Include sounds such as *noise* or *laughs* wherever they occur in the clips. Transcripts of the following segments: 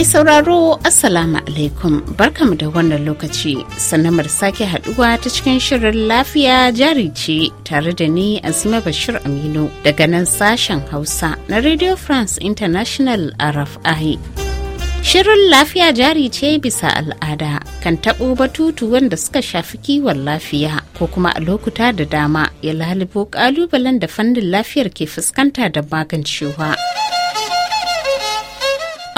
Mai sauraro Assalamu alaikum barkamu da wannan lokaci sanamar sake haduwa ta cikin shirin lafiya jari ce tare da ni Azima Bashir Aminu daga nan sashen Hausa na Radio France International RFI. Shirin lafiya jari ce bisa al'ada kan taɓo batutu wanda suka shafi kiwon lafiya ko kuma a lokuta da dama ya lalibo ƙalubalen da fannin lafiyar ke fuskanta da magancewa.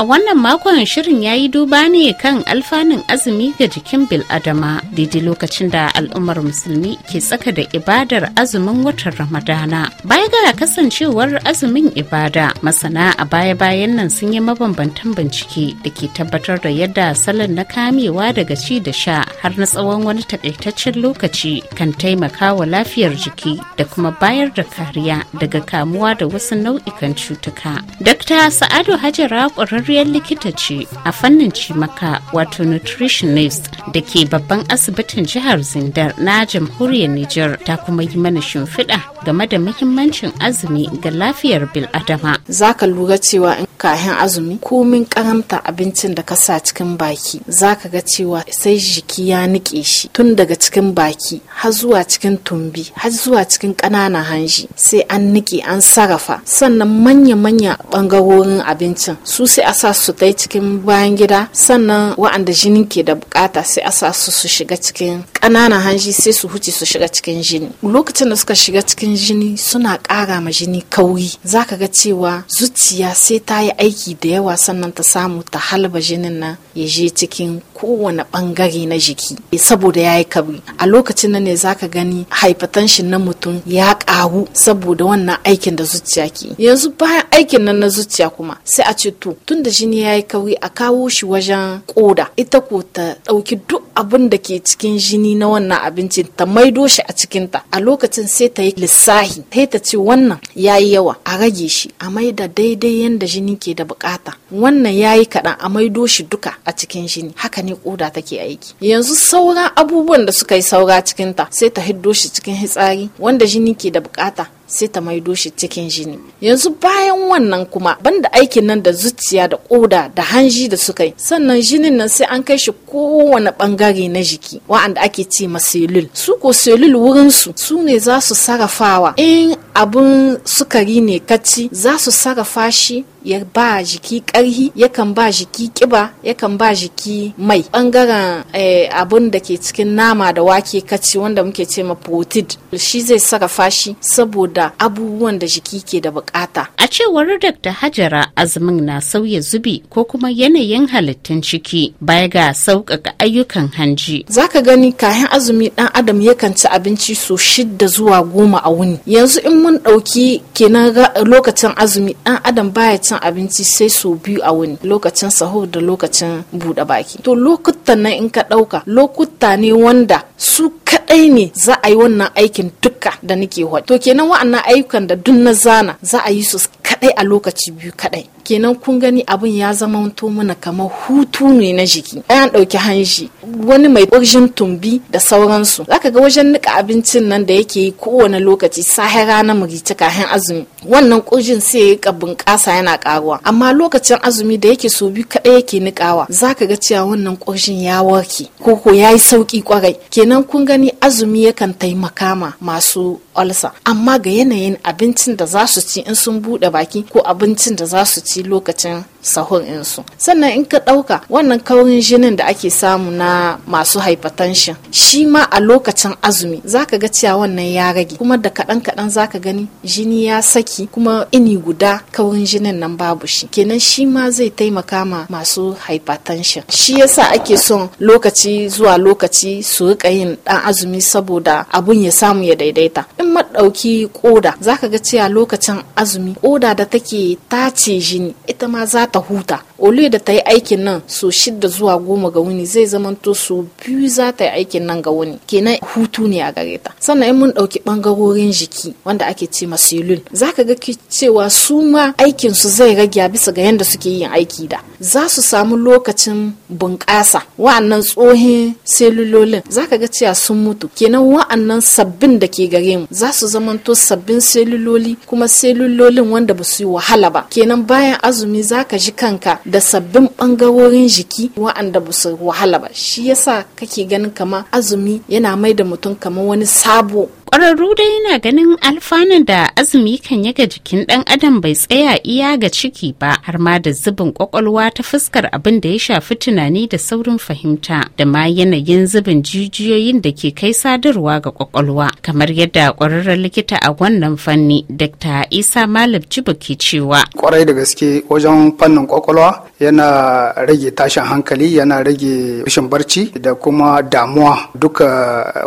A wannan makon shirin ya yi duba ne kan alfanun azumi ga jikin biladama daidai lokacin da al'ummar musulmi ke tsaka da ibadar azumin watan Ramadana. Baya ga kasancewar azumin ibada, masana a baya-bayan nan sun yi mabambantan bincike da ke tabbatar da yadda salon na kamewa daga ci da sha har na tsawon wani takaitaccen lokaci kan taimaka wa lafiyar jiki da kuma bayar da kariya daga kamuwa da wasu nau'ikan cutuka. Dr. Sa'adu Hajara ƙwararre ƙwararriyar likita ce a fannin cimaka wato nutritionist da ke babban asibitin jihar Zindar na jamhuriyar Nijar ta kuma yi mana shimfiɗa game da muhimmancin azumi ga lafiyar bil'adama. Za ka lura cewa in kahin azumi komin karamta abincin da ka sa cikin baki za ka ga cewa sai jiki ya niƙe shi tun daga cikin baki har zuwa cikin tumbi har zuwa cikin ƙananan hanji sai an niƙe an sarrafa sannan manya-manya ɓangarorin abincin su sai asa su tai cikin bayan gida sannan wa'anda jinin ke da bukata sai asa su su shiga cikin ƙananan hanji sai su huce su shiga cikin jini lokacin da suka shiga cikin jini suna ƙara ma jini kauri zaka ga cewa zuciya sai ta yi aiki da yawa sannan ta samu ta halba jinin nan ya je cikin kowane ɓangare na jiki eh, saboda ya yi kauri a lokacin nan ne zaka gani hypertension na mutum ya ƙaru saboda wannan aikin da zuciya ke yanzu bayan aikin nan na zuciya kuma sai a ce to tun da jini ya yi kauri a kawo shi wajen koda ita ko ta ɗauki duk abin da ke cikin jini na wannan abincin ta maido shi a cikinta a lokacin sai ta yi lissahi sai ta ce wannan ya yi yawa a rage shi a maida daidai yanda jini ke da bukata wannan ya yi kaɗan a maido shi duka a cikin jini haka ne koda take aiki yanzu sauran abubuwan da suka yi saura cikinta sai ta hiddo shi cikin hitsari wanda jini ke da bukata sai ta maido shi cikin jini yanzu bayan wannan kuma banda aikin nan da zuciya da koda da hanji da suka yi sannan jinin nan sai an kai shi kowane bangare na jiki wa'anda ake ce ma selul su ko selul wurin su su ne za su sarrafawa in abun sukari ne kaci za su sarrafa shi ya ba jiki ƙarhi yakan ba jiki ƙiba yakan ba jiki mai ɓangaren eh, abun da ke cikin nama da wake kaci wanda muke ce ma protid shi zai sarrafa shi saboda abubuwan da jiki ke da bukata a cewar da hajara azumin na sauya zubi ko kuma yanayin halittun ciki baya ga sauƙaƙa ayyukan hanji zaka gani kayan azumi dan adam yakan ci abinci so shidda zuwa goma a wuni yanzu in mun ɗauki kenan lokacin azumi dan adam baya ci cin abinci sai sau biyu a wani lokacin sahur da lokacin buɗe baki to lokuta nan in ka ɗauka lokuta ne wanda su kadai ne za a yi wannan aikin duka da nake hoti to kenan wa'annan ayyukan da duk na zana za a yi su kadai a lokaci biyu kadai kenan kun gani abin ya zama to mana kamar hutu ne na jiki an ɗauki hanji wani mai ƙurjin tumbi da sauransu zaka ga wajen nika abincin nan da yake yi kowane lokaci sahara na murici kafin azumi wannan ƙurjin sai ya rika bunƙasa yana ƙaruwa amma lokacin azumi da yake so biyu kaɗai yake nikawa zaka ga cewa wannan ƙurjin ya warke ko ko ya yi sauƙi kwarai kenan kun gani wani azumi yakan taimaka ma masu olsa amma ga yanayin abincin da za su ci in sun buɗe baki ko abincin da za su ci lokacin sahur insu sannan in ka ɗauka wannan kaurin jinin da ake samu na masu hypertension shi ma a lokacin azumi za ka ga cewa wannan ya rage kuma da kaɗan kaɗan zaka gani jini ya saki kuma ini guda kaurin jinin nan babu shi kenan shi ma zai taimaka ma masu hypertension shi yasa ake son lokaci zuwa lokaci su rika yin ɗan azumi saboda abun ya samu ya daidaita in maɗauki koda ka ga cewa lokacin azumi ƙoda da take tace jini ita ma za tohuta. ole da ta yi aikin nan so shidda zuwa goma ga wuni zai zamanto so biyu za ta yi aikin nan ga wuni kenan hutu ne a gare ta sannan in mun ɗauki ɓangarorin jiki wanda ake ce ma selul za ka ga cewa su ma aikin su zai rage a bisa ga yadda suke yin aiki da za su samu lokacin bunƙasa wa'annan tsohin selulolin za ka ga cewa sun mutu kenan wa'annan sabbin da ke gare mu za su zamanto sabbin seluloli kuma selulolin wanda ba su yi wahala ba kenan bayan azumi za ka ji kanka da sabbin bangarorin jiki wa'anda ba su wahala ba shi yasa kake ganin kama azumi yana mai da mutum kama wani sabo kwararru dai yana ganin alfanun da azumi kan yaga jikin ɗan adam bai tsaya iya ga ciki ba har ma da zubin kwakwalwa ta fuskar abin da ya shafi tunani da saurin fahimta da ma yanayin zubin jijiyoyin da ke kai sadarwa ga kwakwalwa kamar yadda ƙwararren likita a wannan fanni Dr. Isa Malam Jibo ke cewa. Kwarai da gaske wajen fannin kwakwalwa yana rage tashin hankali yana rage rashin barci da kuma damuwa duka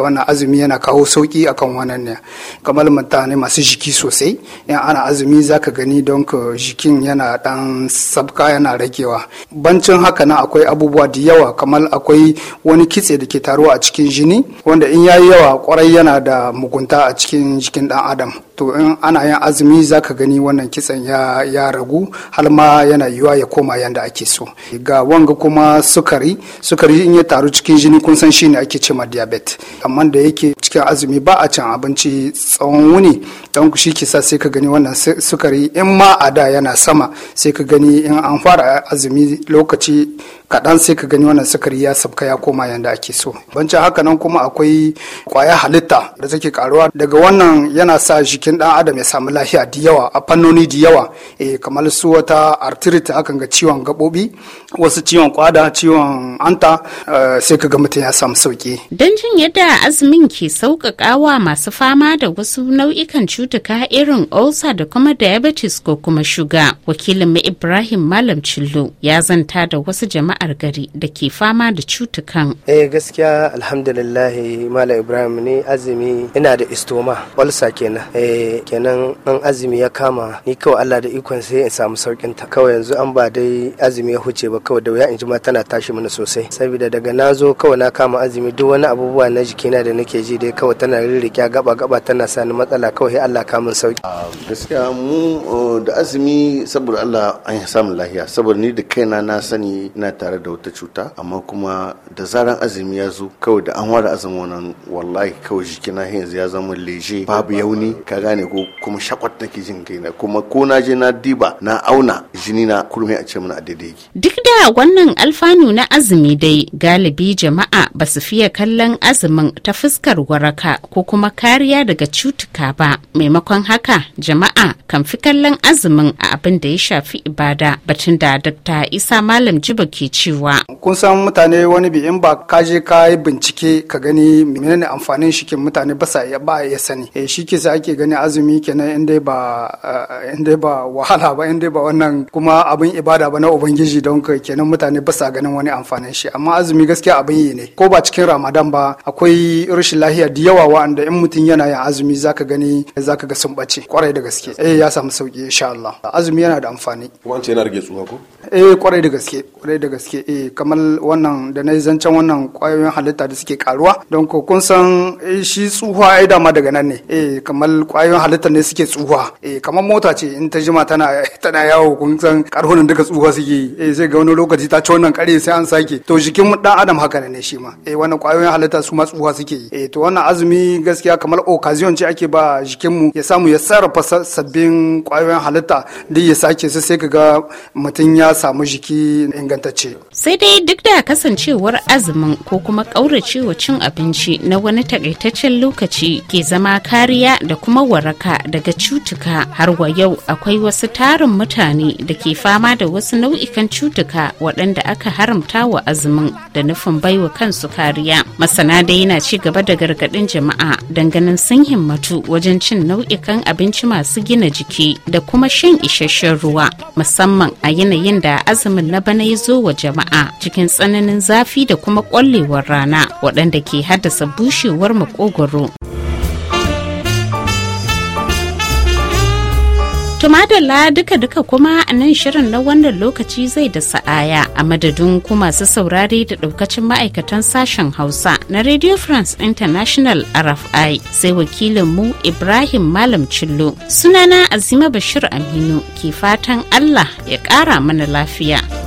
wannan azumi yana kawo sauki akan wannan ne kamar mutane masu jiki sosai in ana azumi zaka gani don ka jikin yana dan sabka yana ragewa bancin haka na akwai abubuwa da yawa kamar akwai wani kitse da ke taruwa a cikin jini wanda in yayi yawa kwarai yana da mugunta a cikin jikin dan adam to in ana yin azumi za ka gani wannan kitsen ya, ragu har ma yana yiwuwa ya koma yanda ake so ga wanga kuma sukari sukari in ya taru cikin jini kun san shine ake cema diabetes amma da yake cikin azumi ba a can abinci tsawon wuni don shi sa sai ka gani wannan sukari in ma a da yana sama sai ka gani in an fara azumi lokaci kaɗan sai ka gani wannan sukari ya sabka ya koma yadda ake so bancin haka nan kuma akwai kwaya halitta da take karuwa daga wannan yana sa jikin ɗan adam ya samu lafiya da yawa a fannoni da yawa eh kamar su wata arthritis hakan ga ciwon gaɓoɓi wasu ciwon kwada ciwon anta eh, sai ka ga mutum ya samu sauki don jin yadda azumin ke sauƙaƙa wa masu fama da wasu nau'ikan cutuka irin ulcer da kuma diabetes ko kuma shuga wakilin mu ibrahim malam cillo ya zanta da wasu jama'a jama'ar gari da ke fama da cutukan. Eh gaskiya alhamdulillah Malam Ibrahim ne azumi ina da istoma walsa kenan. Eh kenan an azumi ya kama ni kawai Allah da ikon sai in samu saukin ta. Kawai yanzu an ba dai azumi ya huce ba kawai da wuya in ji ma tana tashi mana sosai. Saboda daga na zo kawai na kama azumi duk wani abubuwa na jiki na da nake ji dai kawai tana ririka gaba gaba tana sani matsala kawai sai Allah kamun sauki. Ah, gaskiya mu oh, da azumi saboda Allah an samu lahiya saboda ni da kaina na sani na ta tare da wata cuta amma kuma da zaran azumi ya zo kawai da an ware azumi wannan wallahi kawai jikina yanzu ya zama leje babu yauni ka gane ko kuma shakwat nake jin kaina kuma ko na je na diba na auna jini na kurmi a ce mana a daidai yake duk da wannan alfanu na azumi dai galibi jama'a ba su fiye kallon azumin ta fuskar waraka ko kuma kariya daga cutuka ba maimakon haka jama'a kan fi kallon azumin a abin da ya shafi ibada batun da dr isa malam jiba ke cewa kun san mutane wani bi in ba ka je ka yi bincike ka gani menene amfanin shikin mutane ba sa ba ya sani eh shi ke ake gani azumi kenan in dai ba eh, in dai ba wahala ba in dai ba wannan kuma abin ibada ba na ubangiji don ka kenan mutane ba sa ganin wani amfanin shi amma azumi gaskiya abin yi ne ko ba cikin ramadan ba akwai rashin lahiya da yawa wa'anda in mutum yana yin azumi zaka gani zaka ga sun bace kwarai da gaske eh ya samu sauki insha Allah azumi yana da amfani wance yana rage tsuwa ko eh kwarai da gaske kwarai da gaske eh kamar wannan da na zancen wannan kwayoyin halitta da suke karuwa don ko kun san eh, shi tsuhuwa ai dama daga nan ne eh kamar kwayoyin halitta ne suke tsuhuwa eh kamar mota ce in ta jima tana *laughs* tana yawo kun san karhunan duka tsuhuwa suke eh sai ga wani lokaci ta ci wannan kare sai an sake to jikin dan adam haka ne shi ma eh wannan kwayoyin halitta su ma tsuhuwa suke yi eh to wannan azumi gaskiya kamar occasion ce ake ba jikinmu ya samu ya sarrafa sabbin kwayoyin halitta duk ya sake su sai ka ga mutum ya samu jiki ingantacce. Sai dai duk da kasancewar azumin ko kuma ƙauracewa cin abinci na wani takaitaccen lokaci ke zama kariya da kuma waraka daga cutuka har wa yau akwai wasu tarin mutane da ke fama da wasu nau'ikan cutuka waɗanda aka haramta wa azumin da nufin baiwa kansu kariya. Masana dai yana ci gaba da gargaɗin jama'a danganin sun himmatu wajen cin nau'ikan abinci masu gina jiki da kuma shan isasshen ruwa musamman a yanayin da azumin na bana ya zo wa jama'a cikin tsananin zafi da kuma kwallewar rana waɗanda ke haddasa bushewar makogwaro. Tumadalla duka-duka kuma a nan shirin na wannan lokaci zai da sa'aya a madadin ku masu saurari da daukacin ma'aikatan sashen Hausa na Radio France International RFI sai wakilin mu Ibrahim Malam Cillo. Sunana Azima Bashir Aminu ke fatan Allah ya ƙara mana lafiya.